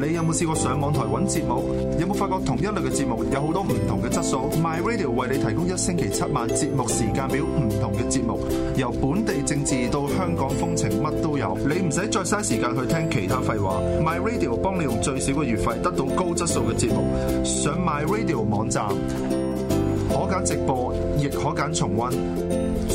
你有冇試過上網台揾節目？有冇發覺同一類嘅節目有好多唔同嘅質素？My Radio 為你提供一星期七晚節目時間表，唔同嘅節目由本地政治到香港風情乜都有，你唔使再嘥時間去聽其他廢話。My Radio 幫你用最少嘅月費得到高質素嘅節目。上 My Radio 網站，可揀直播，亦可揀重溫。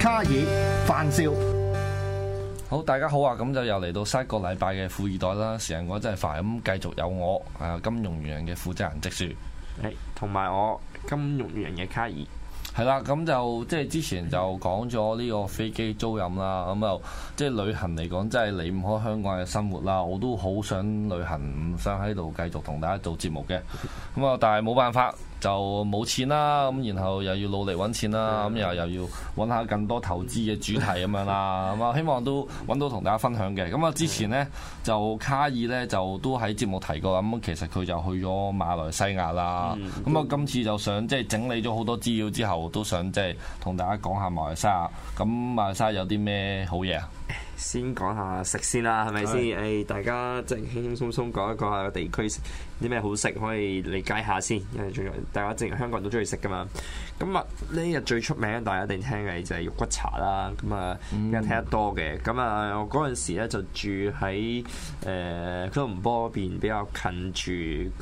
卡爾范少，好，大家好啊！咁就又嚟到三個禮拜嘅富易袋啦，時間過得真係快，咁繼續有我啊，金融員人嘅負責人直樹，誒，同埋我金融員人嘅卡爾，係啦，咁就即係之前就講咗呢個飛機租賃啦，咁又即係旅行嚟講，真係離唔開香港嘅生活啦。我都好想旅行，唔想喺度繼續同大家做節目嘅，咁啊，但係冇辦法。就冇錢啦，咁然後又要努力揾錢啦，咁、嗯、又又要揾下更多投資嘅主題咁樣啦，咁啊 希望都揾到同大家分享嘅。咁啊之前呢，嗯、就卡爾呢，就都喺節目提過，咁其實佢就去咗馬來西亞啦。咁啊、嗯、今次就想即係、就是、整理咗好多資料之後，都想即係同大家講下馬來西亞。咁馬來西亞有啲咩好嘢啊？先講下食先啦，係咪先？誒吧，大家即係輕輕鬆鬆講一講下地區，啲咩好食可以理解下先，因為仲有大家正前香港人都中意食噶嘛。咁啊呢日最出名大家一定聽嘅就係肉骨茶啦。咁啊，因為聽得多嘅，咁啊我嗰陣時咧就住喺誒吉隆坡嗰邊，比較近住，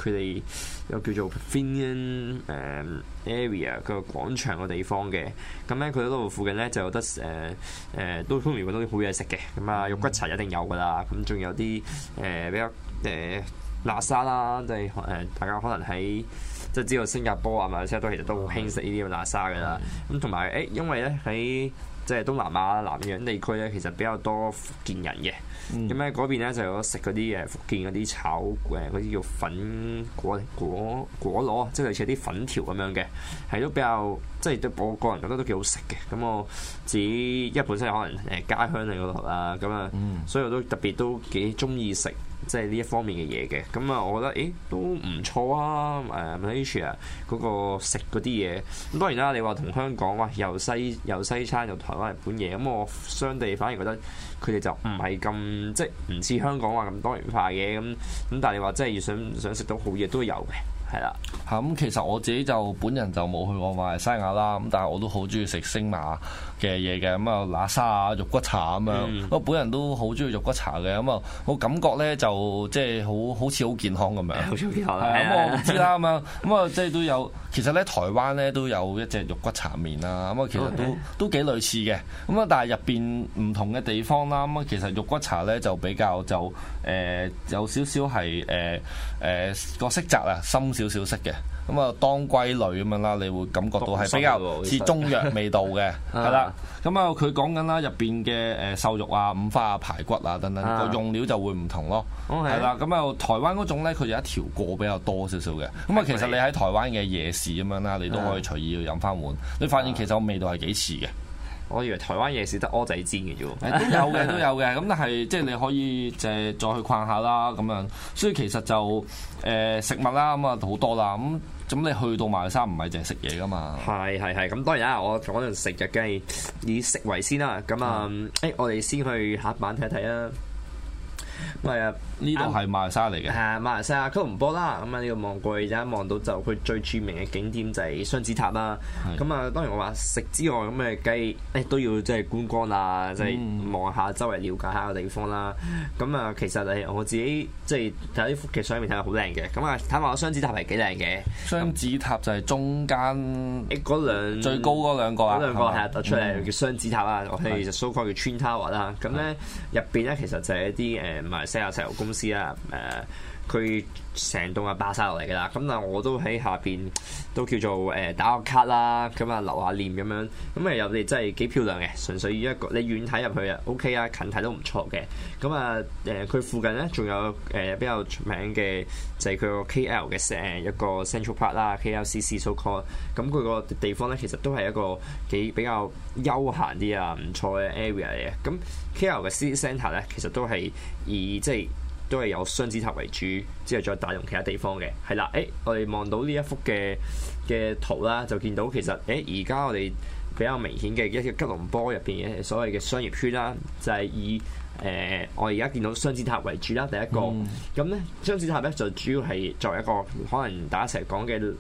佢哋又叫做 f e n t i a n 誒、呃、area 個廣場個地方嘅。咁咧佢嗰度附近咧就有得誒誒、呃呃、都分好嘢食嘅。咁啊肉骨茶一定有噶啦。咁仲有啲誒、呃、比較誒。呃喇沙啦，即係誒，大家可能喺即係知道新加坡啊，馬來西亞都其實都好興食呢啲咁喇沙嘅啦。咁同埋誒，因為咧喺即係東南亞南洋地區咧，其實比較多福建人嘅，咁咧嗰邊咧就有食嗰啲誒福建嗰啲炒誒嗰啲叫粉果、果粿螺，即係類似啲粉條咁樣嘅，係都比較即係都我個人覺得都幾好食嘅。咁我自己一本身可能誒家鄉喺嗰度啦，咁啊，所以我都特別都幾鍾意食。即係呢一方面嘅嘢嘅，咁、嗯、啊，我覺得誒都唔錯啊！誒、uh, 馬來西亞嗰個食嗰啲嘢，咁當然啦，你話同香港話又西又西餐又台灣日本嘢，咁、嗯、我相對反而覺得佢哋就唔係咁即係唔似香港話咁、嗯、多元化嘅咁，咁但係你話真係要想想食到好嘢都有嘅，係啦。嚇咁、嗯、其實我自己就本人就冇去過馬來西亞啦，咁但係我都好中意食星馬。嘅嘢嘅咁啊，喇沙啊、肉骨茶咁樣，我、嗯、本人都好中意肉骨茶嘅，咁啊，我感覺咧就即係好好似好健康咁樣，健康、嗯，咁 我唔知啦，咁樣，咁啊，即係都有，其實咧台灣咧都有一隻肉骨茶麵啦，咁啊，其實都都幾類似嘅，咁啊，但係入邊唔同嘅地方啦，咁啊，其實肉骨茶咧就比較就誒、呃、有少少係誒誒個色澤啊，深少少色嘅。咁啊，當歸類咁樣啦，你會感覺到係比較似中藥味道嘅，係啦、 啊。咁啊，佢講緊啦，入邊嘅誒瘦肉啊、五花啊、排骨啊等等，個用料就會唔同咯，係啦。咁啊，台灣嗰種咧，佢有一條過比較多少少嘅。咁啊的，其實你喺台灣嘅夜市咁樣啦，你都可以隨意要飲翻碗。的你發現其實個味道係幾似嘅。我以為台灣夜市得蚵仔煎嘅啫喎，都有嘅都有嘅。咁但係即係你可以就係再去逛下啦咁樣。所以其實就誒、呃、食物啦咁啊好多啦咁。嗯。咁你去到馬來西亞唔係淨係食嘢㗎嘛？係係係，咁當然啦，我講緊食嘅，梗係以食為先啦。咁啊，誒、嗯，我哋先去客板睇一睇啊。咪啊！呢度係馬來西亞嚟嘅，係馬來西亞吉隆坡啦。咁啊，呢個望過去一望到就佢最著名嘅景點就係雙子塔啦。咁啊，當然我話食之外咁嘅，誒都要即係觀光啊，即係望下周圍了解下個地方啦。咁啊，其實你我自己即係睇啲復劇上面睇下好靚嘅。咁啊，坦白講，雙子塔係幾靚嘅。雙子塔就係中間誒最高嗰兩個啊，兩個係突出嚟叫雙子塔啊。我哋叫 Twin Tower 啦。咁咧入邊咧其實就係一啲誒。同埋西亞石油公司啊，誒、呃。佢成棟啊，巴曬落嚟㗎啦！咁啊，我都喺下邊都叫做誒、呃、打個卡啦，咁、嗯、啊留下念咁樣。咁啊入啲真係幾漂亮嘅，純粹一個你遠睇入去啊 OK 啊，近睇都唔錯嘅。咁啊誒，佢、呃、附近咧仲有誒、呃、比較出名嘅就係佢個 KL 嘅誒一個 Central Park 啦，KLCC、so called。咁佢個地方咧其實都係一個幾比較休閒啲啊，唔錯嘅 area 嚟嘅。咁、嗯、KL 嘅 C C Centre 咧其實都係以即係。就是都係有雙子塔為主，之後再帶動其他地方嘅，係啦。誒、欸，我哋望到呢一幅嘅嘅圖啦，就見到其實誒而家我哋比較明顯嘅一個吉隆坡入邊嘅所謂嘅商業圈啦，就係、是、以誒、呃、我而家見到雙子塔為主啦。第一個咁咧、嗯，雙子塔咧就主要係作為一個可能大家成日講嘅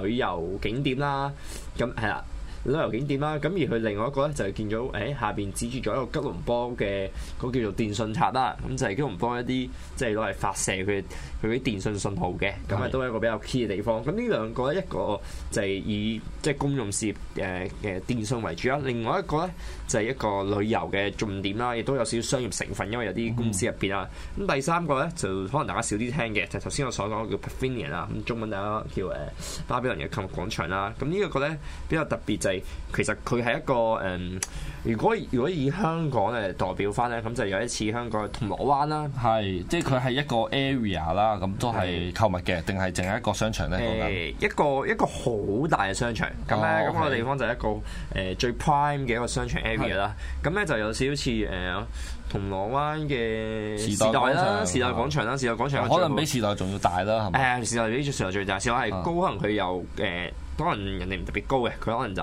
旅遊景點啦。咁係啦。旅遊景點啦，咁而佢另外一個咧就係見到，誒下邊指住咗一個吉隆坡嘅嗰個叫做電信塔啦，咁就係吉隆坡一啲即係攞嚟發射佢佢啲電信信號嘅，咁啊都係一個比較 key 嘅地方。咁呢兩個咧一個就係以即係公用事業誒誒嘅電信為主啦，另外一個咧就係一個旅遊嘅重點啦，亦都有少少商業成分，因為有啲公司入邊啦。咁第三個咧就可能大家少啲聽嘅，就頭先我所講叫 Pavilion 啦，咁中文大家叫誒巴比倫嘅購物廣場啦。咁呢一個咧比較特別就係。其實佢係一個誒，如果如果以香港嚟代表翻咧，咁就有一次香港嘅銅鑼灣啦。係，即係佢係一個 area 啦，咁都係購物嘅，定係淨係一個商場咧？一個一個好大嘅商場。咁咧，咁個地方就係一個誒最 prime 嘅一個商場 area 啦。咁咧就有少少似誒銅鑼灣嘅時代啦，時代廣場啦，時代廣場。可能比時代仲要大啦，係咪？誒，時代比時代最大，時代係高，可能佢有誒。可能人哋唔特別高嘅，佢可能就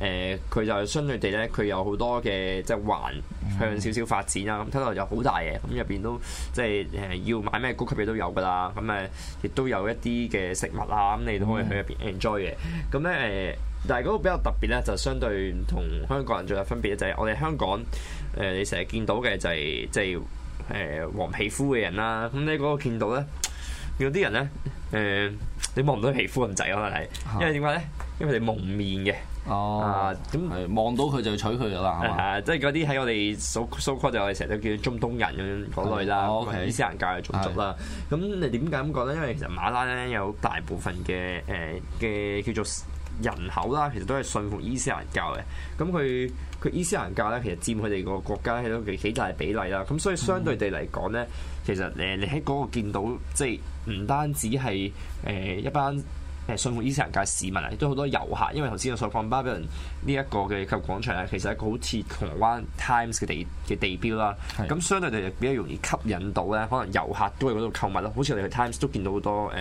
誒，佢、呃、就相對地咧，佢有好多嘅即係環向少少發展啦。咁睇落就好大嘅，咁入邊都即係誒、呃、要買咩高級嘅都有㗎啦。咁誒亦都有一啲嘅食物啊，咁、嗯、你都可以去入邊 enjoy 嘅。咁咧誒，但係嗰個比較特別咧，就係、相對同香港人最有分別就係、係、我哋香港誒、呃，你成日見到嘅就係即係誒黃皮膚嘅人啦。咁你嗰個見到咧，有啲人咧誒。呃呃你望唔到皮膚咁滯可能係，因為點解咧？因為你蒙面嘅，哦，咁望、啊、到佢就要娶佢噶啦，係、啊、吧即係嗰啲喺我哋 so call 就我哋成日都叫中東人咁樣嗰類啦，伊斯蘭教嘅種族啦。咁的你點解咁講咧？因為其實馬拉呢有大部分嘅誒嘅叫做人口啦，其實都係信服伊斯蘭教嘅。咁佢佢伊斯蘭教咧，其實佔佢哋個國家喺度幾大比例啦。咁所以相對地嚟講咧，嗯、其實誒你喺嗰個見到即係。唔單止係誒、呃、一班。誒信奉伊斯蘭教市民啊，亦都好多遊客，因為頭先我所講，巴比倫呢一個嘅購物廣場啊，其實係一個好似銅鑼灣 Times 嘅地嘅地標啦。咁係相對地比較容易吸引到咧，可能遊客都喺嗰度購物咯。好似我哋去 Times 都見到好多誒、呃、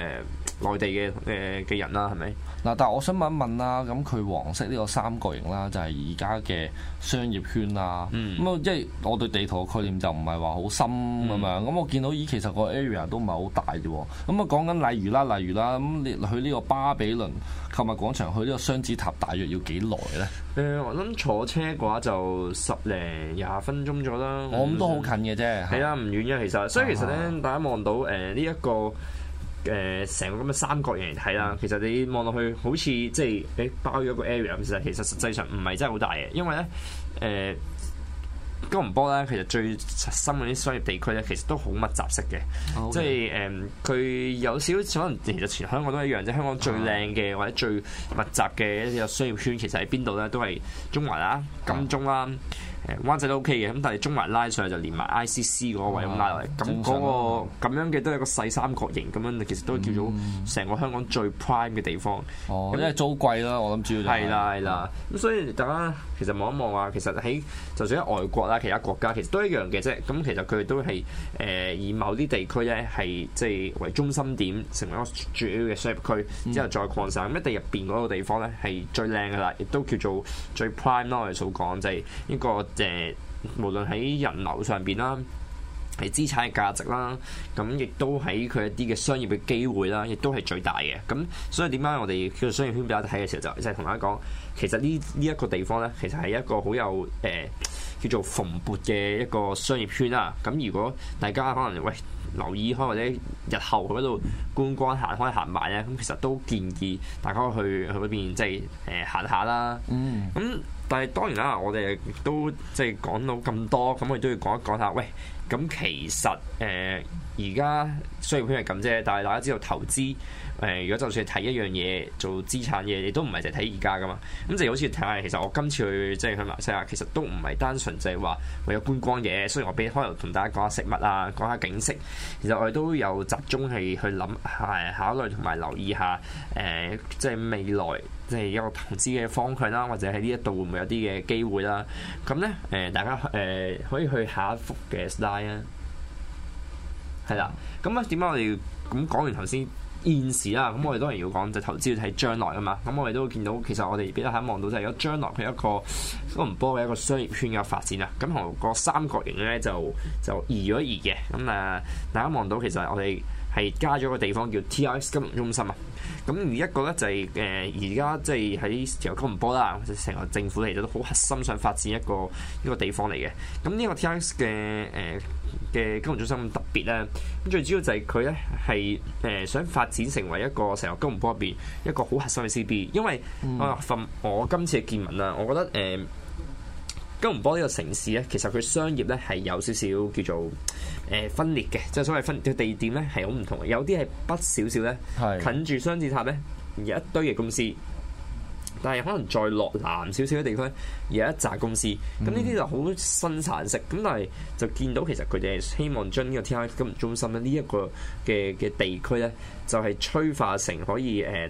內地嘅嘅嘅人啦，係咪？嗱，但係我想問一問啦，咁佢黃色呢個三角形啦，就係而家嘅商業圈啊。咁啊、嗯，即係我對地圖嘅概念就唔係話好深咁樣。咁、嗯、我見到咦，其實個 area 都唔係好大啫喎。咁啊，講緊例如啦，例如啦，咁你去呢、呢個巴比倫購物廣場去呢個雙子塔大約要幾耐咧？誒、呃，我諗坐車嘅話就十零廿分鐘左右啦。嗯、我諗都好近嘅啫。係啦、啊，唔遠嘅其實。所以其實咧，啊、大家望到誒呢一個誒成、呃、個咁嘅三角形嚟睇啦。嗯、其實你望落去好似即係誒、呃、包咗一個 area，其實其實實際上唔係真係好大嘅，因為咧誒。呃呃金門波咧，其實最深嗰啲商業地區咧，其實都好密集式嘅，Okay. 即係誒，佢、嗯、有少少可能其實全香港都一樣，即香港最靚嘅或者最密集嘅一隻商業圈，其實喺邊度咧都係中環啦、金鐘啦。Okay. 嗯誒灣仔都 OK 嘅，咁但係中環拉上去就連埋 ICC 嗰個位咁拉落嚟，咁嗰個咁樣嘅都係一個細三角形咁樣，其實都叫做成個香港最 prime 嘅地方。嗯、那哦，咁因為租貴啦，我諗主要係。係啦，係啦。咁的的所以大家其實望一望啊，其實喺就算喺外國啦，其他國家其實都一樣嘅啫。咁其實佢哋都係誒、呃、以某啲地區咧係即係為中心點，成為一個主要嘅商業區，嗯、之後再擴散咁。一定入邊嗰個地方咧係最靚噶啦，亦都叫做最 prime 啦，我哋所講就係、是、一個。即係無論喺人流上邊啦，係資產嘅價值啦，咁亦都喺佢一啲嘅商業嘅機會啦，亦都係最大嘅。咁所以點解我哋叫做商業圈俾大家睇嘅時候，就即係同大家講，其實呢呢一個地方咧，其實係一個好有誒、呃、叫做蓬勃嘅一個商業圈啦。咁如果大家可能喂～留意開或者日後去嗰度觀光行開行埋咧，咁其實都建議大家去去嗰邊即係誒行下啦。咁、嗯、但係當然啦，我哋亦都即係、即係、講到咁多，咁我哋都要講一講下喂。咁其實誒而家雖然好似係咁啫，但係大家知道投資誒、呃，如果就算睇一樣嘢做資產嘢，你都唔係淨係睇而家噶嘛。咁就好似睇下，其實我今次去即係去馬來西亞，其實都唔係單純就係話為咗觀光嘢。雖然我俾可能同大家講下食物啊，講下景色，其實我哋都有集中係去諗係考慮同埋留意下誒、呃，即係未來。即係一個投資嘅方向啦，或者喺呢一度會唔會有啲嘅機會啦？咁咧誒，大家誒、呃、可以去下一幅嘅 slide 啊，係啦。咁咧點解我哋咁講完頭先現時啦？咁我哋當然要講就投資要睇將來啊嘛。咁我哋都見到其實我哋而家喺望到就係如果將來佢一個金融波嘅一個商業圈嘅發展啊。咁同個三角形咧就就移咗移嘅。咁啊、呃，大家望到其實我哋係加咗個地方叫 TRX 金融中心啊。咁而一個咧就係誒而家即係喺石油吉隆坡啦，成個政府嚟都好核心，想發展一個一個地方嚟嘅。咁呢個 t x 嘅誒嘅金融中心咁特別咧，咁最主要就係佢咧係誒想發展成為一個石油吉隆坡入邊一個好核心嘅 c b d 因為、嗯、我份我今次嘅見聞啦，我覺得誒、呃、吉隆坡呢個城市咧，其實佢商業咧係有少少叫做。誒、呃、分裂嘅，即係所謂分個地點咧係好唔同嘅，有啲係北少少咧，是的 近住雙子塔咧，有一堆嘅公司，但係可能再落南少少嘅地區，有一紮公司，咁呢啲就好新陳式，咁但係就見到其實佢哋係希望將呢個 TI 金融中心咧呢一個嘅嘅地區咧，就係催化成可以誒。呃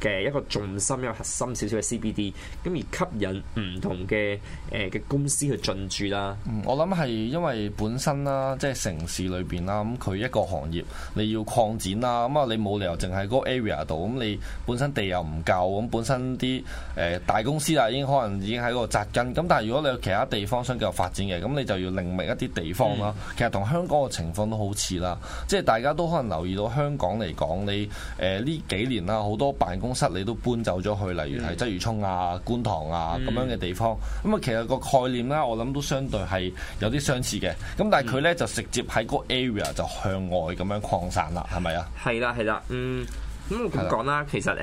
嘅一個重心一個核心少少嘅 CBD，咁而吸引唔同嘅誒嘅公司去進駐啦。嗯，我諗係因為本身啦，即係城市裏邊啦，咁佢一個行業你要擴展啦，咁啊你冇理由淨係個 area 度，咁你本身地又唔夠，咁本身啲誒大公司啊已經可能已經喺嗰度扎根，咁但係如果你有其他地方想繼續發展嘅，咁你就要另覓一啲地方啦。嗯、其實同香港嘅情況都好似啦，即係大家都可能留意到香港嚟講你誒呢、呃、幾年啦好多辦公。室你都搬走咗去，例如係鰂魚涌啊、觀塘啊咁樣嘅地方。咁啊，其實個概念咧，我諗都相對係有啲相似嘅。咁但係佢呢，就直接喺嗰 area 就向外咁樣擴散啦，係咪啊？係啦，係啦，嗯。咁我咁講啦，其實誒，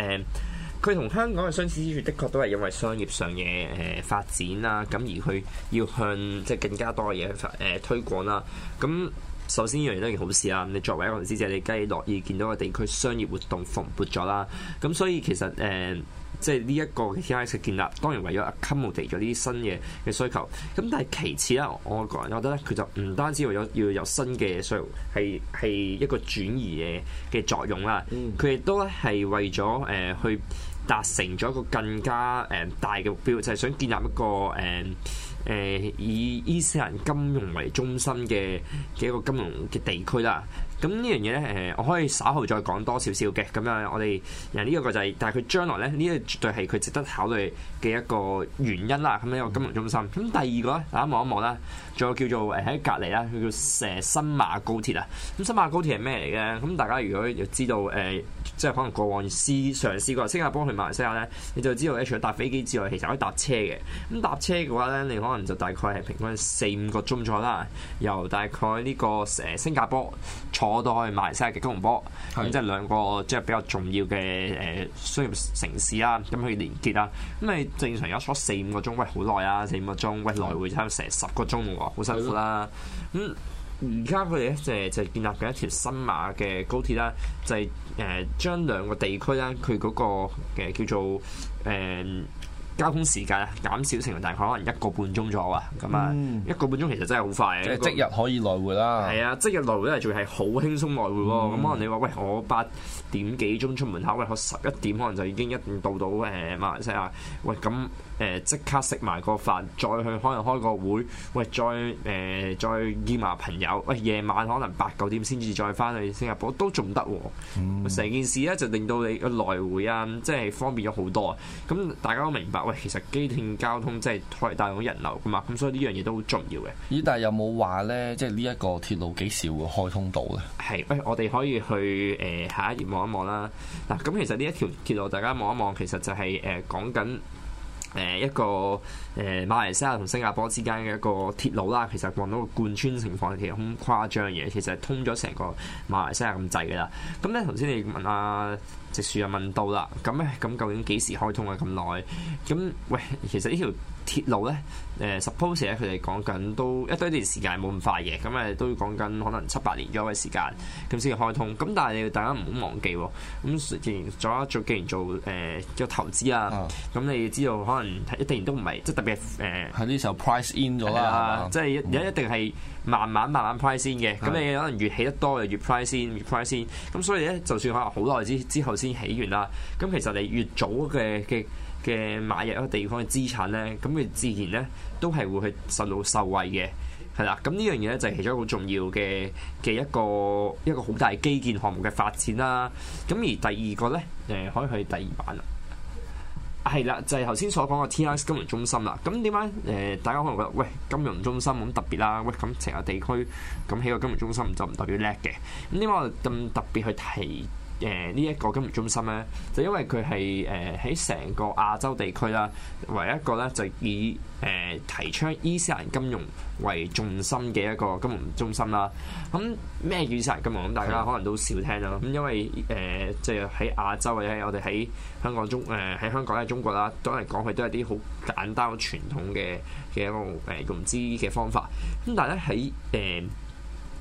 佢、呃、同香港嘅相似之處，的確都係因為商業上嘅誒發展啦，咁而佢要向即係更加多嘅嘢去推廣啦，咁。首先呢樣嘢都係件好事啊！你作為一個投資者，你梗係樂意見到個地區商業活動蓬勃咗啦。咁所以其實誒、呃，即係呢一個 TAX 嘅建立，當然為咗 accommodate 咗呢啲新嘅嘅需求。咁但係其次啦，我個人覺得咧，佢就唔單止為咗要有新嘅需求，係係一個轉移嘅嘅作用啦。佢亦、嗯、都係為咗誒、呃、去達成咗一個更加誒、呃、大嘅目標，就係、是、想建立一個誒、呃誒，以伊斯蘭金融為中心嘅嘅一個金融嘅地區啦。咁呢樣嘢咧，誒，我可以稍後再講多少少嘅。咁啊，我哋誒呢一個就係、是，但係佢將來咧，呢、這個絕對係佢值得考慮嘅一個原因啦。咁樣一個金融中心。咁第二個咧，大家望一望啦，仲有叫做誒喺隔籬啦，佢叫蛇新馬高鐵啊。咁新馬高鐵係咩嚟嘅？咁大家如果要知道誒、呃，即係可能過往試嘗試過新加坡去馬來西亞咧，你就知道，除咗搭飛機之外，其實可以搭車嘅。咁搭車嘅話咧，你可能就大概係平均四五個鐘左右啦，由大概呢、這個誒新加坡我都可以賣曬嘅吉隆坡，咁即係兩個即係比較重要嘅誒商業城市啦，咁去連結啦，咁咪正常有一四五個鐘，喂，好耐啊，四五個鐘，喂，來回差成十個鐘喎，好辛苦啦、啊。咁而家佢哋咧就就是、建立緊一條新馬嘅高鐵啦，就係、是、誒、呃、將兩個地區啦，佢嗰、那個嘅、呃、叫做誒。呃交通時間咧，減少程度大概可能一個半鐘左右啊，咁啊、嗯、一個半鐘其實真係好快嘅，即，即日可以來回啦。係啊，即日來回都係仲係好輕鬆來回喎。咁、嗯、可能你話喂，我八。點幾鐘出門口？喂，我十一點可能就已經一定到到誒馬來西亞。喂，咁誒即刻食埋個飯，再去可能開個會。喂，再誒、呃、再見埋朋友。喂，夜晚可能八九點先至再翻去新加坡，都仲得喎。成、嗯、件事咧就令到你個來回啊，即係方便咗好多。咁大家都明白，喂，其實機艇交通即係可以帶動人流噶嘛。咁所以呢樣嘢都好重要嘅。咦？但係有冇話咧，即係呢一個鐵路幾時會開通到咧？係，喂，我哋可以去誒、呃、下一頁網。望啦，嗱，咁其實呢一條鐵路，大家望一望，其實就係、是、誒、呃、講緊誒、呃、一個誒、呃、馬來西亞同新加坡之間嘅一個鐵路啦。其實望到個貫穿情況，其實好誇張嘅，嘢，其實係通咗成個馬來西亞咁滯噶啦。咁咧，頭先你問阿、啊、直樹又問到啦，咁咧，咁究竟幾時開通啊？咁耐，咁喂，其實呢條鐵路咧。誒 suppose 咧，佢哋講緊都一堆，段時間冇咁快嘅咁誒，都要講緊可能七八年咗嘅時間咁先至開通。咁但係你要大家唔好忘記喎。咁既然做一做，既然做誒、呃、做投資啊，咁你知道可能一定都唔係即係特別誒喺呢時候 price in 咗啦，即係而家一定係慢慢慢慢 price 先嘅。咁你可能越起得多就越 price in，越 price in。咁所以咧，就算可能好耐之之後先起完啦。咁其實你越早嘅嘅嘅買入一個地方嘅資產咧，咁佢自然咧。都係會去受到受惠嘅，係啦。咁呢樣嘢咧就係其中一個好重要嘅嘅一個一個好大基建項目嘅發展啦。咁而第二個咧，誒、呃、可以去第二版啦。係啦，就係頭先所講嘅 T Plus 金融中心啦。咁點解誒大家可能覺得喂金融中心咁特別啦？喂咁成個地區咁起個金融中心就唔代表叻嘅？咁點解我咁特別去提？誒呢一個金融中心咧，就因為佢係誒喺成個亞洲地區啦，唯一一個咧就以誒、呃、提倡伊斯蘭金融為重心嘅一個金融中心啦。咁咩伊斯蘭金融？咁大家可能都少聽啦。咁、嗯嗯、因為誒，即係喺亞洲或者我哋喺香港中誒喺、呃、香港咧、呃、中國啦，呃、總嚟講佢都係啲好簡單、好傳統嘅嘅一個誒融資嘅方法。咁但係咧喺誒。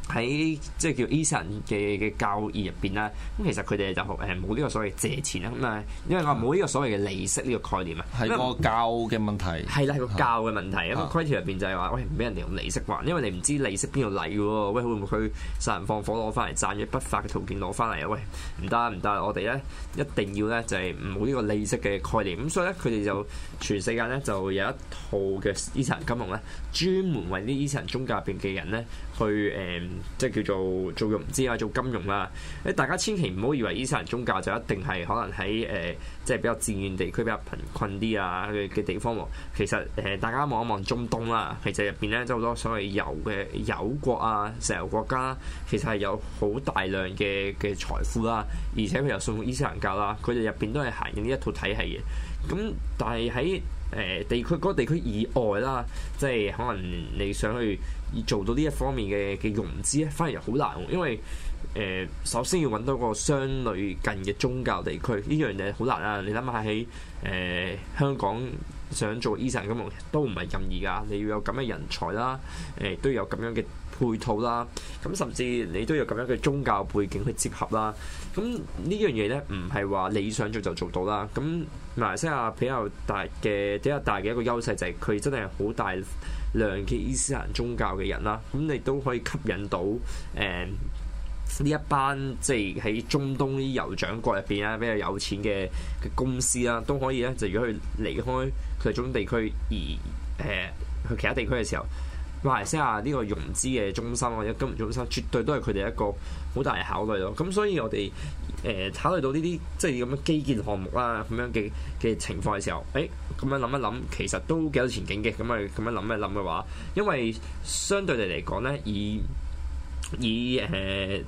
喺即係叫 Eason 嘅嘅教義入邊啦，咁其實佢哋就誒冇呢個所謂借錢啦，咁啊，因為我冇呢個所謂嘅利息呢個概念啊，係個教嘅問題。係啦為，係個教嘅問題。咁規條入邊就係話：喂，唔俾人哋用利息還，因為你唔知利息邊度嚟嘅喎。喂，會唔會去殺人放火攞翻嚟賺咗不法嘅條件攞翻嚟啊？喂，唔得唔得，我哋咧一定要咧就係冇呢個利息嘅概念。咁所以咧，佢哋就全世界咧就有一套嘅 Eason 金融咧，專門為啲、e、Eason 宗教入邊嘅人咧去誒。呃即係叫做做融資啊，做金融啦。誒，大家千祈唔好以為伊斯蘭宗教就一定係可能喺誒、呃，即係比較戰亂地區比較貧困啲啊嘅嘅地方、啊、其實誒、呃，大家望一望中東啦、啊，其實入邊咧都有好多所謂油嘅油國啊、石油國家、啊，其實係有好大量嘅嘅財富啦、啊。而且佢又信奉伊斯蘭教啦、啊，佢哋入邊都係行緊呢一套體系嘅。咁但係喺誒地區嗰、嗰個地區以外啦、啊，即係可能你想去。而做到呢一方面嘅嘅融資咧，反而好難，因為誒、呃，首先要揾到個相類近嘅宗教地區，呢樣嘢好難啊。你諗下喺誒香港想做伊斯蘭金融，都唔係任意㗎。你要有咁嘅人才啦，誒、呃、都有咁樣嘅配套啦，咁甚至你都有咁樣嘅宗教背景去結合啦。咁呢樣嘢咧，唔係話你想做就做到啦。咁，嗱，馬來西亞比較大嘅比較大嘅一個優勢就係佢真係好大量嘅伊斯蘭宗教嘅人啦。咁你都可以吸引到誒呢、嗯、一班即係喺中東啲酋長國入邊啊比較有錢嘅嘅公司啦，都可以咧就如果佢離開佢哋中東地區而誒去、呃、其他地區嘅時候。馬來西亞呢個融資嘅中心或者金融中心，絕對都係佢哋一個好大嘅考慮咯。咁所以我哋誒、呃、考慮到呢啲即係咁嘅基建項目啦，咁樣嘅嘅情況嘅時候，誒、欸、咁樣諗一諗，其實都幾有前景嘅。咁啊咁樣諗一諗嘅話，因為相對嚟嚟講咧，以以誒誒、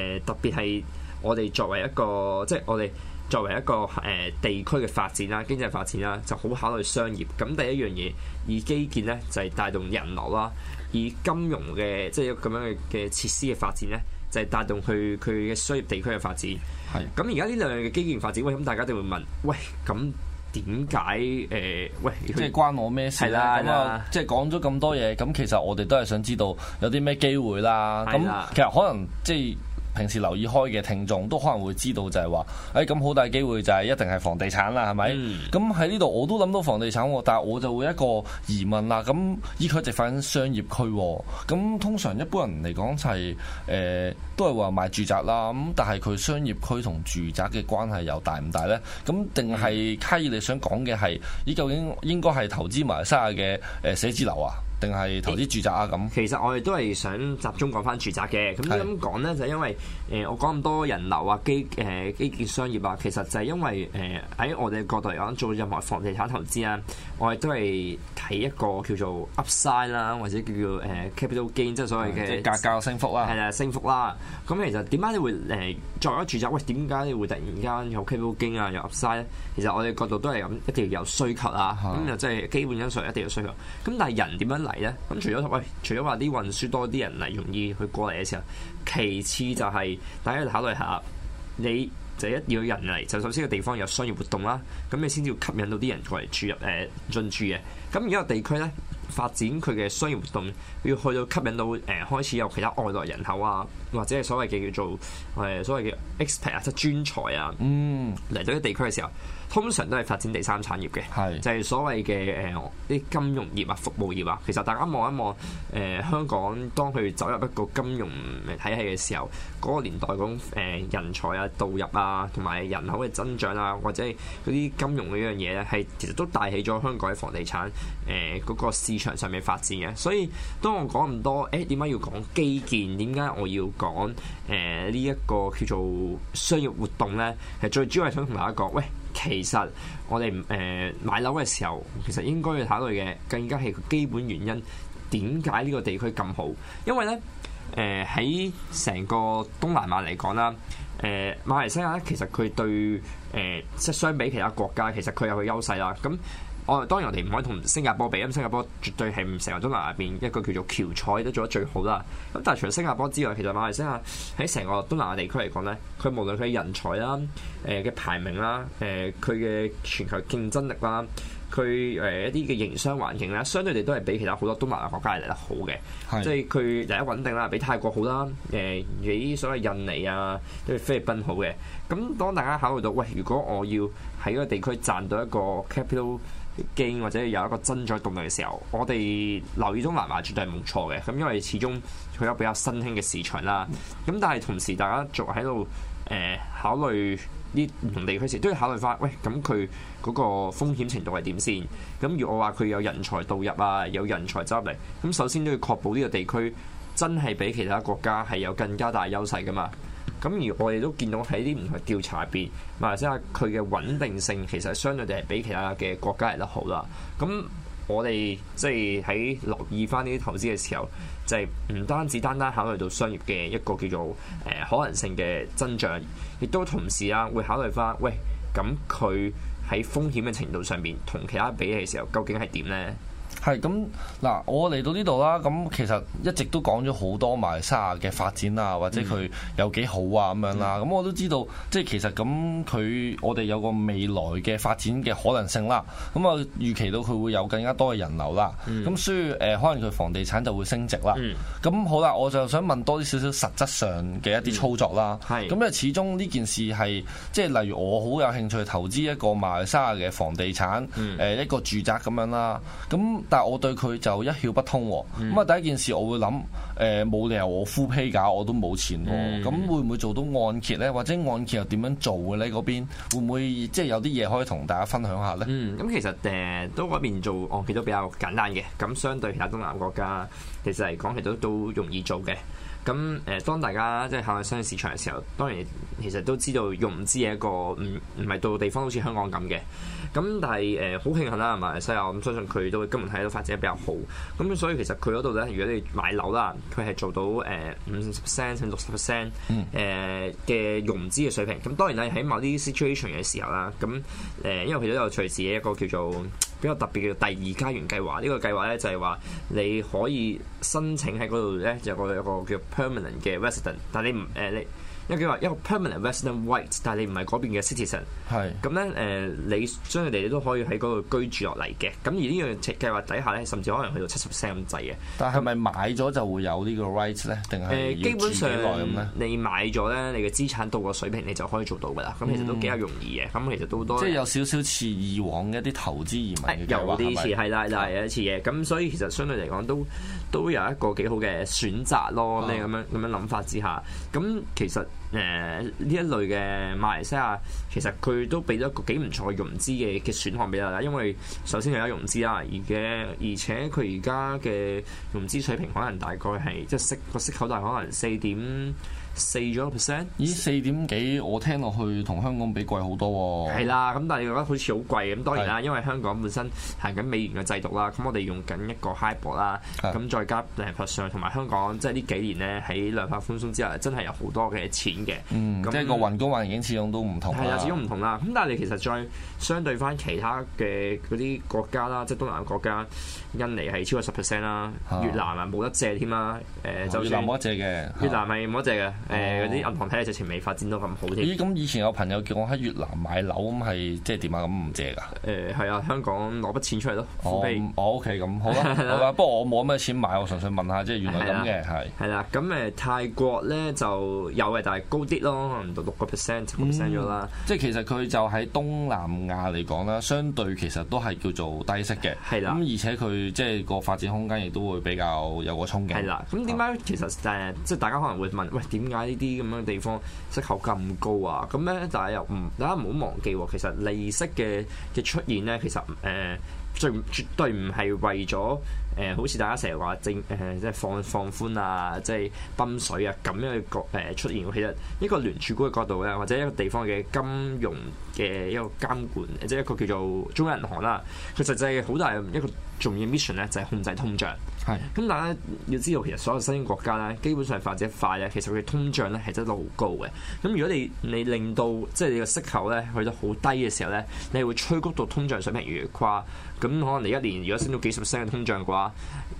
呃、特別係我哋作為一個即係我哋。作為一個誒地區嘅發展啦，經濟發展啦，就好考慮商業。咁第一樣嘢，以基建咧就係、是、帶動人流啦，以金融嘅即係咁樣嘅嘅設施嘅發展咧，就係、是、帶動去佢嘅商業地區嘅發展。係。咁而家呢兩樣嘅基建發展，喂，咁大家一定會問，喂，咁點解誒？喂，即係關我咩事咧？係啦，即係講咗咁多嘢，咁其實我哋都係想知道有啲咩機會啦、啊。咁是的 其實可能即係。平時留意開嘅聽眾都可能會知道就係話，誒咁好大機會就係一定係房地產啦，係咪？咁喺呢度我都諗到房地產喎，但係我就會一個疑問啦。咁依區直翻商業區，咁通常一般人嚟講就係誒都係話買住宅啦。咁但係佢商業區同住宅嘅關係又大唔大呢？咁定係卡爾你想講嘅係依究竟應該係投資馬來西亞嘅誒寫字樓啊，定係投資住宅啊咁？其實我哋都係想集中講翻住宅嘅，咁咁講咧就係因為誒我講咁多人流啊、機誒基建商業啊，其實就係因為誒喺我哋角度嚟講做任何房地產投資啊，我哋都係睇一個叫做 Upside 啦，或者叫做誒 Capital Gain，即係所謂嘅價格升幅啦，係啦升幅啦。咁其實點解你會誒作為一住宅？喂，點解你會突然間有 Capital Gain 啊，有 Upside 咧？其實我哋角度都係咁，一定要有需求啊，咁就即係基本因素一定要需求。咁但係人點樣嚟？咁除咗喂、哎，除咗話啲運輸多啲人嚟容易去過嚟嘅時候，其次就係大家考慮下，你就一要人嚟，就首先個地方有商業活動啦，咁你先至要吸引到啲人過嚟住入誒進駐嘅。咁而家個地區咧。發展佢嘅商業活動，要去到吸引到誒、呃、開始有其他外來人口啊，或者係所謂嘅叫做誒、呃、所謂嘅 expert 啊，即係專才啊，嚟、嗯、到啲地區嘅時候，通常都係發展第三產業嘅，是就係所謂嘅誒啲金融業啊、服務業啊。其實大家望一望誒、呃、香港，當佢走入一個金融體系嘅時候，嗰、嗰個年代嗰種人才啊、導入啊，同埋人口嘅增長啊，或者係嗰啲金融呢樣嘢咧，係其實都帶起咗香港嘅房地產誒嗰個市場上面發展嘅，所以當我講咁多，誒點解要講基建？點解我要講誒呢一個叫做商業活動呢？其實最主要係想同大家講，喂，其實我哋誒、呃、買樓嘅時候，其實應該要考慮嘅，更加係個基本原因，點解呢個地區咁好？因為呢，誒喺成個東南亞嚟講啦，誒、呃、馬來西亞其實佢對誒、呃、即係相比其他國家，其實佢有個優勢啦，咁、嗯。我當然我哋唔可以同新加坡比，咁新加坡絕對係成個東南亞邊一個叫做橋賽都做得最好啦。咁但係除咗新加坡之外，其實馬來西亞喺成個東南亞地區嚟講咧，佢無論佢嘅人才啦、誒、呃、嘅排名啦、誒佢嘅全球競爭力啦、佢誒、呃、一啲嘅營商環境咧，相對地都係比其他好多東南亞國家嚟得好嘅。是的 即係佢第一穩定啦，比泰國好啦，誒、呃、比所謂印尼啊、即係菲律賓好嘅。咁當大家考慮到喂，如果我要喺一個地區賺到一個 capital 驚或者有一個增長動力嘅時候，我哋留意東南亞絕對係冇錯嘅。咁因為始終佢有比較新興嘅市場啦。咁但係同時，大家仲喺度誒考慮啲唔同地區時都要考慮返。喂，咁佢嗰個風險程度係點先？咁如果我話佢有人才導入啊，有人才執嚟咁，首先都要確保呢個地區真係比其他國家係有更加大優勢㗎嘛。咁而我哋都見到喺啲唔同嘅調查入邊，或者係佢嘅穩定性其實相對地係比其他嘅國家嚟得好啦。咁我哋即係喺留意翻呢啲投資嘅時候，就係、係、唔單止單單，單單考慮到商業嘅一個叫做誒可能性嘅增長，亦都同時啊會考慮翻喂，咁佢喺風險嘅程度上邊同其他比嘅時候，究竟係點咧？係咁嗱，我嚟到呢度啦，咁其實一直都講咗好多馬來西亞嘅發展啊，或者佢有幾好啊咁樣啦。咁我都知道，即係其實咁佢我哋有個未來嘅發展嘅可能性啦。咁啊預期到佢會有更加多嘅人流啦。咁、嗯、所以誒、呃，可能佢房地產就會升值啦。咁、嗯、好啦，我就想問多啲少少實質上嘅一啲操作啦。係、嗯。咁因為始終呢件事係即係例如我好有興趣投資一個馬來西亞嘅房地產，誒、嗯呃、一個住宅咁樣啦。咁但係我對佢就一竅不通喎，咁啊、嗯、第一件事我會諗，誒、呃、冇理由我 full pay 㗎我都冇錢喎，咁、嗯、會唔會做到按揭咧？或者按揭又點樣做嘅咧？嗰邊會唔會即係有啲嘢可以同大家分享下咧？嗯，咁其實誒、呃、都嗰邊做按揭都比較簡單嘅，咁相對其他東南國家其實嚟講其實都都容易做嘅。咁誒、嗯，當大家即係考慮商業市場嘅時候，當然其實都知道融資嘅一個唔唔係到地方好似香港咁嘅。咁但係誒好慶幸啦、啊，馬來西亞，咁、嗯、相信佢都會今年喺度發展得比較好。咁、嗯、所以其實佢嗰度咧，如果你買樓啦，佢係做到誒五十 percent 甚至六十 percent 誒嘅融資嘅水平。咁、嗯嗯、當然咧喺某啲 situation 嘅時候啦，咁誒、呃、因為佢都有隨時嘅一個叫做。比較特別嘅第二家園計劃，呢、呢個計劃咧就係話你可以申請喺嗰度咧，有個有個叫 permanent 嘅 resident，但你唔誒、呃、你。因為佢話一個 permanent resident right，但係你唔係嗰邊嘅 citizen，咁咧誒是、呃，你將佢哋都可以喺嗰度居住落嚟嘅。咁而呢樣計劃底下咧，甚至可能去到七十 percent 咁滯嘅。但係咪買咗就會有呢個 right 咧？定係、呃、基本上呢你買咗咧，你嘅資產到個水平，你就可以做到㗎啦。咁其實都幾啊容易嘅。咁、嗯、其實都多，即係有少少似以往一啲投資移民有又啲似係啦係啦係啊似嘅。咁的所以其實相對嚟講都都有一個幾好嘅選擇咯。你咁、嗯嗯、樣咁樣諗法之下，咁其實。誒呢、呃、一類嘅馬來西亞，其實佢都俾咗個幾唔錯嘅融資嘅嘅選項俾大家，因為首先佢有融資啦，而且而且佢而家嘅融資水平，可能大概係即係息個息口大，可能四點。四個 percent，咦？四點幾？我聽落去同香港比貴好多喎、哦。係啦，咁但係你覺得好似好貴咁。當然啦，的因為香港本身行緊美元嘅制度啦，咁我哋用緊一個 HIBOR 啦的，咁再加零 percent，同埋香港即係呢幾年咧喺量化寬鬆之下，真係有好多嘅錢嘅。嗯，那即係個運工環境始終都唔同。係啊，始終唔同啦。咁但係你其實再相對翻其他嘅嗰啲國家啦，即係東南國家，印尼係超過十 percent 啦，越南啊冇得借添啦。誒的，就算越南冇得借嘅。的越南係冇得借嘅。誒嗰啲銀行睇嚟直情未發展到咁好啲。咦？咁以前有朋友叫我喺越南買樓咁係即係點啊？咁唔借㗎？誒係、嗯、啊，香港攞筆錢出嚟咯。我我屋企咁好啦， 啊、不過我冇咩錢買，我純粹問下即係原來咁嘅係。係啦，咁誒、啊啊、泰國咧就有嘅，但係高啲咯，可能到六個 percent，七 percent 咗啦。即係其實佢就喺東南亞嚟講啦，相對其實都係叫做低息嘅。係啦、啊。咁、嗯、而且佢即係個發展空間亦都會比較有個衝勁。係啦、啊。咁點解其實誒即係大家可能會問喂點？喺呢啲咁樣嘅地方息口咁高啊，咁咧，但係又唔，大家唔好忘記、哦，其實利息嘅嘅出現咧，其實誒最、呃、絕對唔係為咗誒、呃、好似大家成日話，政誒，即、呃、係放放寬啊，即係泵水啊咁樣嘅角誒出現。其實一個聯儲局嘅角度咧，或者一個地方嘅金融嘅一個監管，即係一個叫做中央銀行啦，佢實際係好大一個重要 mission 咧，就係、是、控制通脹。係，咁大家要知道其實所有新興國家咧，基本上發展快咧，其實佢嘅通脹咧係真都好高嘅。咁如果你你令到即係你嘅息口咧去到好低嘅時候咧，你會催谷到通脹水平越嚟越誇。咁可能你一年如果升到幾十升嘅通脹嘅話，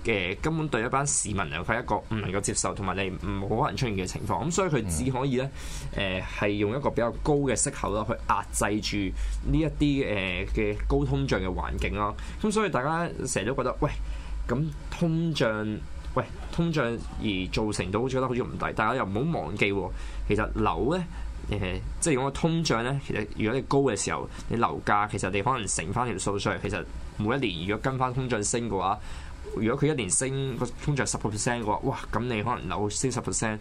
嘅、呃、根本對一班市民嚟講係一個唔能夠接受，同埋你唔可能出現嘅情況。咁所以佢只可以咧，誒、呃、係用一個比較高嘅息口咯，去壓制住呢一啲誒嘅高通脹嘅環境咯。咁所以大家成日都覺得喂。咁通脹，喂，通脹而造成到，好似覺得好似唔抵。大家又唔好忘記，其實樓咧，誒、呃，即係講個通脹咧，其實如果你高嘅時候，你樓價其實你可能成翻條數上，其實每一年如果跟翻通脹升嘅話，如果佢一年升個通脹十個 percent 嘅話，哇，咁你可能樓升十 percent，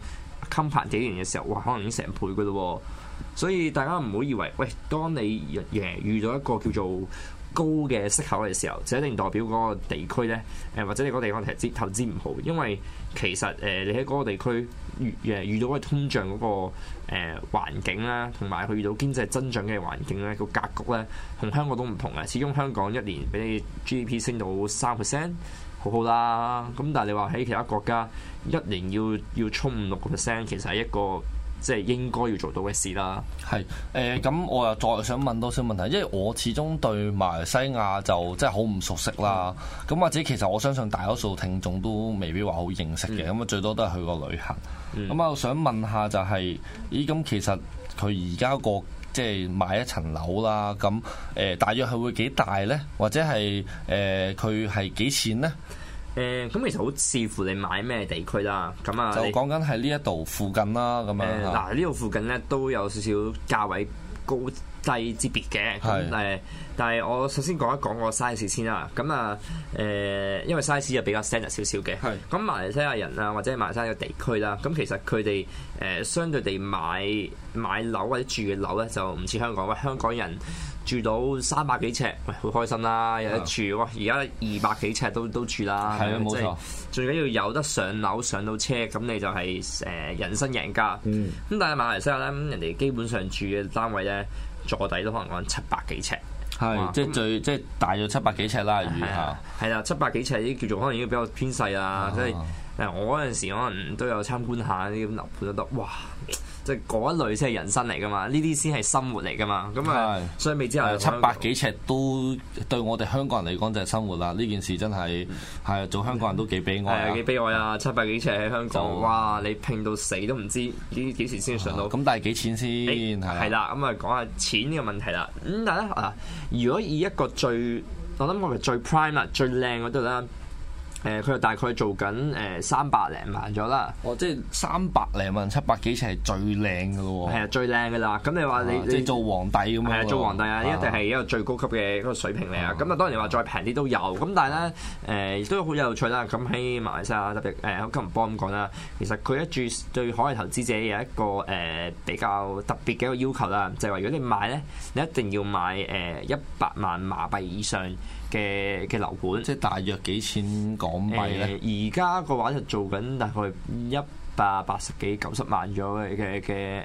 冚拍幾年嘅時候，哇，可能已經成倍嘅嘞喎。所以大家唔好以為，喂，當你贏遇到一個叫做～高嘅息口嘅時候，就一定代表嗰個地區咧，誒，或者你嗰地方投資唔好，因為其實誒你喺嗰個地區遇誒遇到嘅通脹嗰、嗰個誒、呃、環境啦，同埋佢遇到經濟增長嘅環境咧，嗰個格局咧同香港都唔同嘅。始終香港一年俾你 GDP 升到三 percent，好好啦。咁但係你話喺其他國家一年要要衝五六個 percent，其實係一個。即係應該要做到嘅事啦。係、呃、誒，咁我又再想問多少問題，因為我始終對馬來西亞就真係好唔熟悉啦。咁或者其實我相信大多數聽眾都未必話好認識嘅。咁啊，最多都係去過旅行。咁啊，我想問下就係、是、咦，咁、呃、其實佢而家個即係、就是、買一層樓啦。咁誒，大約佢會幾大呢？或者係誒，佢係幾錢呢？誒，咁其實好視乎你買咩地區啦，咁啊就講緊喺呢度附近啦，咁啊，嗱呢度附近咧都有少少價位高。細之別嘅但係我首先講一講個 size 先啦。咁啊誒，因為 size 就比較 standard 少少嘅。咁是馬來西亞人啦，或者馬來西亞地區啦，咁其實佢哋誒相對地買買樓或者住嘅樓咧，就唔似香港哇。香港人住到三百幾尺，哇、哎，好開心啦，有得住哇。而家二百幾尺都都住啦，係啊的，冇、就是、錯。最緊要有得上樓上到車，咁你就係誒人生贏家。咁、嗯、但係馬來西亞咧，咁人哋基本上住嘅單位咧，座底都可能講七百幾尺，係是哇即係最、嗯、即係大約七百幾尺啦。魚吓係啦，七百幾尺啲叫做可能已經比較偏細啦。即係誒，我嗰陣時可能都有參觀下啲樓盤都得，哇！即係嗰一類先係人生嚟㗎嘛，呢啲先係生活嚟㗎嘛，咁啊的，所以未之係七百幾尺都對我哋香港人嚟講就係生活啦。呢、嗯、件事真係係、嗯、的做香港人都幾悲，悲哀。係幾悲哀啊！七百幾尺喺香港，的哇！你拼到死都唔知幾幾時先上到。咁但係幾錢先係？係啦，咁啊講下錢呢個問題啦。咁、嗯、但係咧啊，如果以一個最我諗我哋最 prime 啦、最靚嗰度啦。誒佢就大概做緊誒三百零萬咗啦，哦、喔，即係三百零萬七百幾尺係最靚嘅咯喎，係英文啊，最靚嘅啦。咁你話你你做皇帝咁，係、嗯、啊，做皇帝啊，一定係一個最高級嘅一個水平嚟啊。咁啊，當然話再平啲都有，咁但係咧亦都好有趣啦。咁喺馬來西亞啦，特別誒，今日唔幫咁講啦。其實佢一注對海外投資者有一個誒比較特別嘅一個要求啦，就係、是、話如果你買咧，你一定要買誒一百萬馬幣以上。嘅嘅樓盤，即係大約幾錢港幣咧？而家嘅話就做緊大概一百八十幾、九十萬咗嘅嘅嘅誒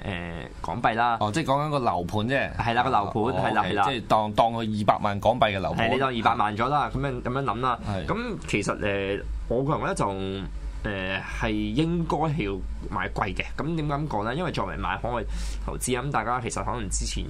港幣啦。哦，即係講緊個樓盤啫。係啦，個樓盤係啦，即係當當佢二百萬港幣嘅樓盤。係你當二百萬咗啦，咁樣咁樣諗啦。係。咁其實誒、呃，我個人咧就～誒係、呃、應該係要買貴嘅，咁點解講咧？因為作為買海外嘅投資啊，咁大家其實可能之前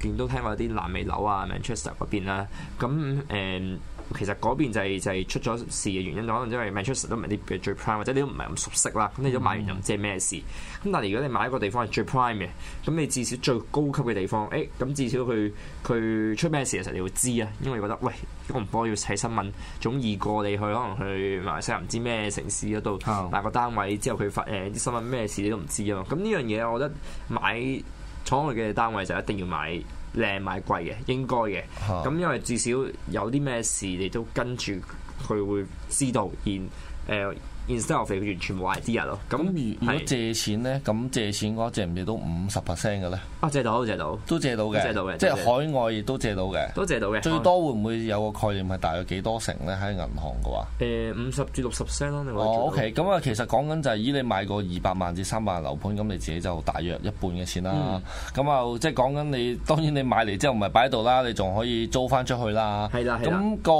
見都聽過啲爛尾樓啊、Manchester 嗰邊啦，咁誒。呃其實嗰邊就係、是、就係、是、出咗事嘅原因，可能因為 matchless 都唔係啲最 prime，或者你都唔係咁熟悉啦。咁你都買完就唔知係咩事。咁但係如果你買一個地方係最 prime 嘅，咁你至少最高級嘅地方，誒、欸、咁至少佢佢出咩事其實你會知啊。因為覺得喂，我唔幫要睇新聞，總易過你去可能去馬來西亞唔知咩城市嗰度買個單位之後佢發誒啲、呃、新聞咩事你都唔知啊。咁呢樣嘢我覺得買廠內嘅單位就一定要買。靚買貴嘅應該嘅，咁因為至少有啲咩事你都跟住佢會知道，現誒。呃 instead 我佢完全冇 idea 咯。咁如果借錢咧，咁借錢嘅話借唔借到五十 percent 嘅咧？啊借到，借到，都借到嘅，借到嘅，即係海外亦都借到嘅，都借到嘅。最多會唔會有個概念係大約幾多成咧？喺銀行嘅話，誒五十至六十 percent 咯。你我哦，OK。咁啊，其實講緊就係以你買個二百萬至三百萬樓盤，咁你自己就大約一半嘅錢啦。咁啊，即係講緊你，當然你買嚟之後唔係擺喺度啦，你仲可以租翻出去啦。係啦，係啦。咁個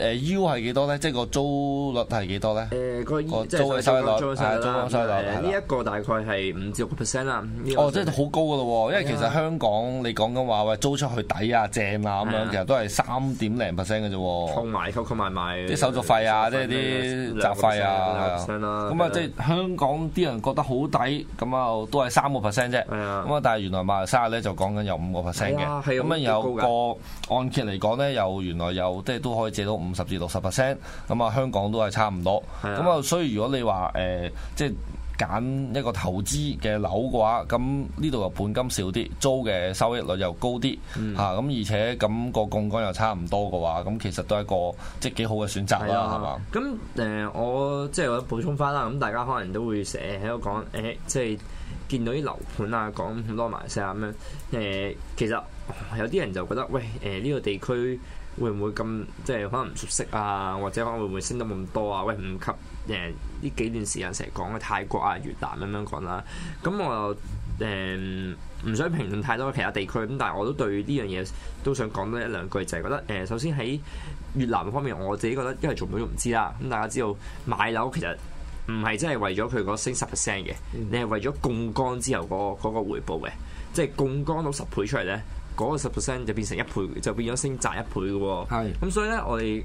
誒 yield 係幾多咧？即係個租率係幾多咧？誒個租嘅收落係租位收落，呢一個大概係五至六 percent 啊，哦，即係好高嘅咯喎，因為其實香港你講緊話喂租出去抵啊正啊咁樣，其實都係三點零 percent 嘅啫喎。收埋，收收埋埋啲手續費啊，即係啲雜費啊。percent 啦咁啊，即係香港啲人覺得好抵，咁啊都係三個 percent 啫。係啊。咁啊，但係原來馬來西亞咧就講緊有五個 percent 嘅，咁啊有個按揭嚟講咧，又原來有即係都可以借到五十至六十 percent，咁啊香港都係差唔多。咁啊？所以如果你話誒、呃，即係揀一個投資嘅樓嘅話，咁呢度又本金少啲，租嘅收益率又高啲，嚇咁、嗯啊、而且咁個供款又差唔多嘅話，咁其實都係一個即係幾好嘅選擇啦，係嘛、啊？咁誒吧、呃，我即係我補充翻啦，咁大家可能都會成日喺度講，誒、呃，即係。見到啲樓盤啊，講咁多埋曬咁樣，誒、呃，其實有啲人就覺得，喂，誒、呃、呢、這個地區會唔會咁，即係可能唔熟悉啊，或者可能會唔會升得咁多啊？喂，唔及誒呢、呃、幾段時間成日講嘅泰國啊、越南咁樣講啦、啊。咁、嗯、我誒唔、呃、想評論太多其他地區，咁但係我都對呢樣嘢都想講多一兩句，就係、是、覺得誒、呃，首先喺越南方面，我自己覺得因為做唔到都唔知啦。咁大家知道買樓其實。唔係真係為咗佢個升十 percent 嘅，你係、嗯、為咗槓桿之後嗰、那、嗰、個那個回報嘅，即係槓桿到十倍出嚟咧，嗰、那個十 percent 就變成一倍，就變咗升賺一倍嘅喎、哦。咁是所以咧，我哋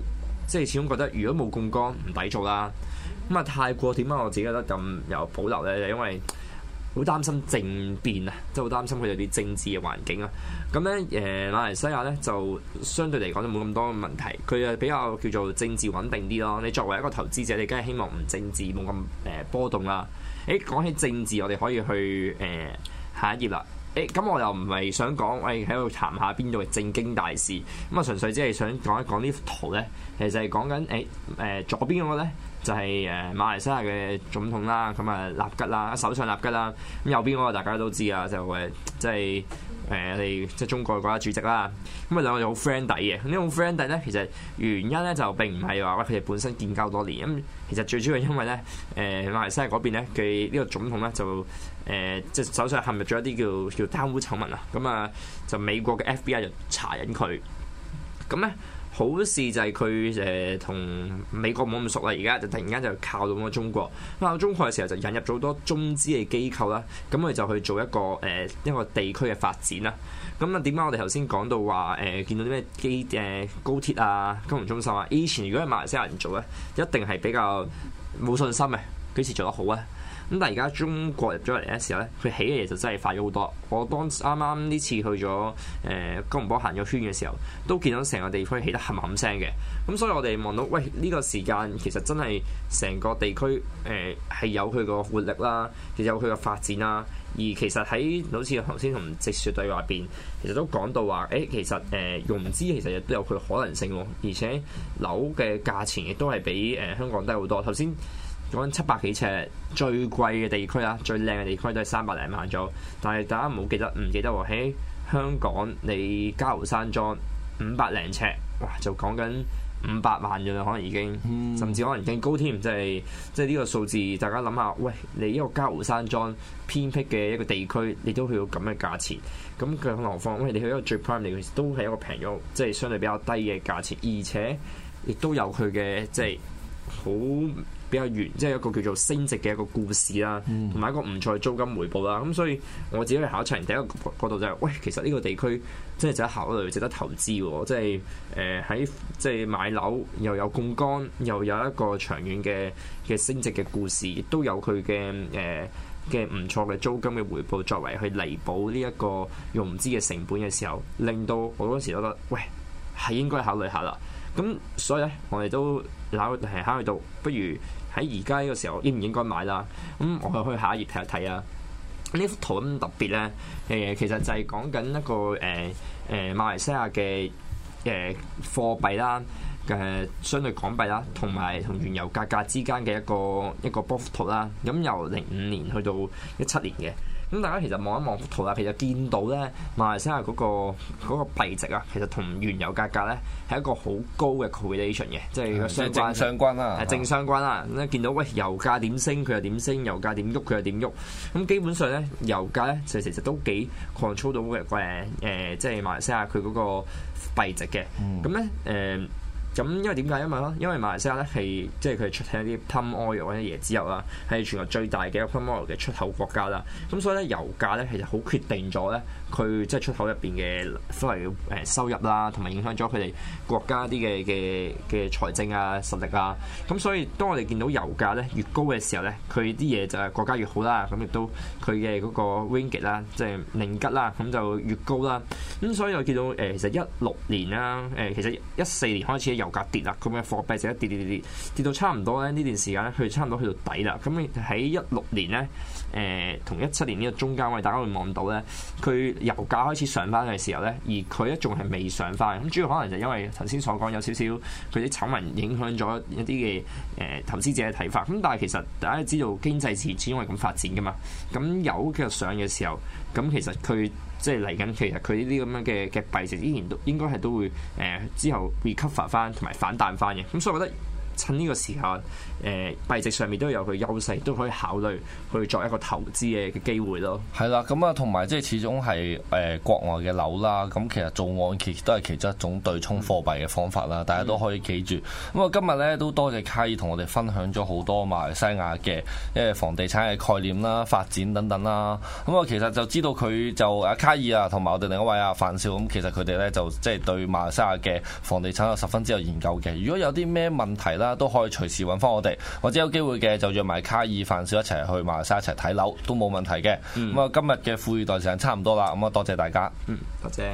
即係始終覺得，如果冇槓桿，唔抵做啦。咁啊，太過點解我自己覺得咁有保留咧，就是、因為。好擔心政變啊，即係好擔心佢哋啲政治嘅環境啦。咁咧，誒馬來西亞咧就相對嚟講就冇咁多問題，佢誒比較叫做政治穩定啲咯。你作為一個投資者，你梗係希望唔政治冇咁誒波動啦。誒講起政治，我哋可以去誒、呃、下一頁啦。誒咁我又唔係想講，喂喺度談下邊度嘅政經大事，咁啊純粹只係想講一講呢幅圖咧，其實係講緊誒誒左邊嗰個咧。就係誒馬來西亞嘅總統啦，咁啊納吉啦，首相納吉啦，咁右邊嗰個大家都知啊，就誒即係誒嚟即係中國嗰個國家主席啦，咁啊兩個又好 friend 底嘅，咁呢種 friend 底咧其實原因咧就並唔係話喂佢哋本身建交多年，咁其實最主要係因為咧誒馬來西亞嗰邊咧佢呢個總統咧就誒即係首相陷入咗一啲叫叫貪污醜聞啊，咁、嗯、啊就美國嘅 FBI 就查緊佢，咁、嗯、咧。好事就係佢誒同美國冇咁熟啦，而家就突然間就靠到咗中國。靠中國嘅時候就引入咗好多中資嘅機構啦，咁佢就去做一個誒、呃、一個地區嘅發展啦。咁啊點解我哋頭先講到話誒、呃、見到啲咩機誒高鐵啊、金融中心啊？以前如果係馬來西亞人做咧，一定係比較冇信心啊。幾時做得好啊？咁但係而家中國入咗嚟嘅時候咧，佢起嘅嘢就真係快咗好多。我當啱啱呢次去咗誒金門島行咗圈嘅時候，都見到成個地方起得冚冚聲嘅。咁、嗯、所以我哋望到，喂呢、呢個時間其實真係成個地區誒係、呃、有佢個活力啦，其實有佢個發展啦。而其實喺好似頭先同直樹對話入邊，其實都講到話，誒、欸、其實誒融、呃、資其實亦都有佢可能性喎、啊。而且樓嘅價錢亦都係比誒、呃、香港低好多。頭先。講緊七百幾尺最貴嘅地區啦，最靚嘅地區都係三百零萬咗。但係大家唔好記得，唔記得喎、哦？喺香港你嘉湖山莊五百零尺，哇！就講緊五百萬咗啦，可能已經，甚至可能更高添。即係即係呢個數字，大家諗下，喂，你呢個嘉湖山莊偏僻嘅一個地區，你都去到咁嘅價錢，咁佢何況？喂，你去一個最 prime 嚟嘅，都係一個平咗，即、就、係、是、相對比較低嘅價錢，而且亦都有佢嘅即係好。就是比較完，即係一個叫做升值嘅一個故事啦，同埋一個唔錯嘅租金回報啦。咁、嗯、所以我自己去考察完第一個角度就係、是，喂，其實呢個地區真係值得考慮、值得投資喎。即係誒喺即係買樓又有槓桿，又有一個長遠嘅嘅升值嘅故事，都有佢嘅誒嘅唔錯嘅租金嘅回報作為去彌補呢一個融資嘅成本嘅時候，令到我當時我覺得，喂，係應該考慮下啦。咁所以咧，我哋都考慮係考慮到，不如，喺而家呢個時候應唔應該買啦？咁、嗯、我又去下一頁睇一睇啊！呢幅圖咁特別咧，誒、呃、其實就係講緊一個誒誒、呃呃、馬來西亞嘅誒、呃、貨幣啦，誒相對港幣啦，同埋同原油價格之間嘅一個一個波幅圖啦。咁、嗯、由零五年去到一七年嘅。咁大家其實望一望幅圖啦，其實見到咧馬來西亞嗰、個嗰、個、幣值啊，其實同原油價格咧係一個好高嘅 correlation 嘅，嗯、即係相關正相關啦，係正相關啦。咁咧、嗯、見到喂，油價點升佢又點升，油價點喐佢又點喐。咁基本上咧，油價咧就其，其實都幾 control 到嘅誒誒，即係馬來西亞佢嗰個幣值嘅。咁咧誒。咁因為點解？因為咯，因為馬來西亞咧係即係佢出一啲 palm oil 或椰子油啦，係全球最大嘅一個 palm oil 嘅出口國家啦。咁所以咧，油價咧其實好決定咗咧。佢即係出口入邊嘅都係誒收入啦，同埋影響咗佢哋國家啲嘅嘅嘅財政啊、實力啊。咁所以當我哋見到油價咧越高嘅時候咧，佢啲嘢就係國家越好啦。咁亦都佢嘅嗰個匯率啦，即係令吉啦，咁就越高啦。咁所以我見到誒、呃、其實一六年啦，誒、呃、其實一四年開始油價跌啦，佢嘅貨幣就一跌跌跌跌跌到差唔多咧呢段時間咧，佢差唔多去到底啦。咁喺一六年咧。誒同一七年呢個中間位，大家會望到咧，佢油價開始上翻嘅時候咧，而佢一仲係未上翻。咁主要可能就因為頭先所講有少少佢啲醜聞影響咗一啲嘅誒投資者嘅睇法。咁但係其實大家知道經濟是始終係咁發展嘅嘛，咁有嘅上嘅時候，咁其實佢即係嚟緊，其實佢呢啲咁樣嘅嘅幣值依然都應該係都會誒之後 recover 翻同埋反彈翻嘅。咁所以我覺得。趁呢個時間誒幣值上面都有佢優勢，都可以考慮去作一個投資嘅嘅機會咯。係啦，咁 啊樂，同埋即係始終係誒國外嘅樓啦。咁其實做按揭都係其中一種對沖貨幣嘅方法啦，大家都可以記住。咁啊， 今日咧都多謝卡爾同我哋分享咗好多馬來西亞嘅，誒房地產嘅概念啦、發展等等啦。咁啊，其實就知道佢就阿卡爾啊，同埋我哋另一位阿范少，咁其實佢哋咧就即係對馬來西亞嘅房地產有十分之有研究嘅。如果有啲咩問題，都可以隨時揾翻我哋，或者有機會嘅就約埋卡爾、范少一齊去馬來西亞一齊睇樓都冇問題嘅。咁啊、嗯，今日嘅富易袋時間差唔多啦，咁啊，多謝大家。嗯，多謝。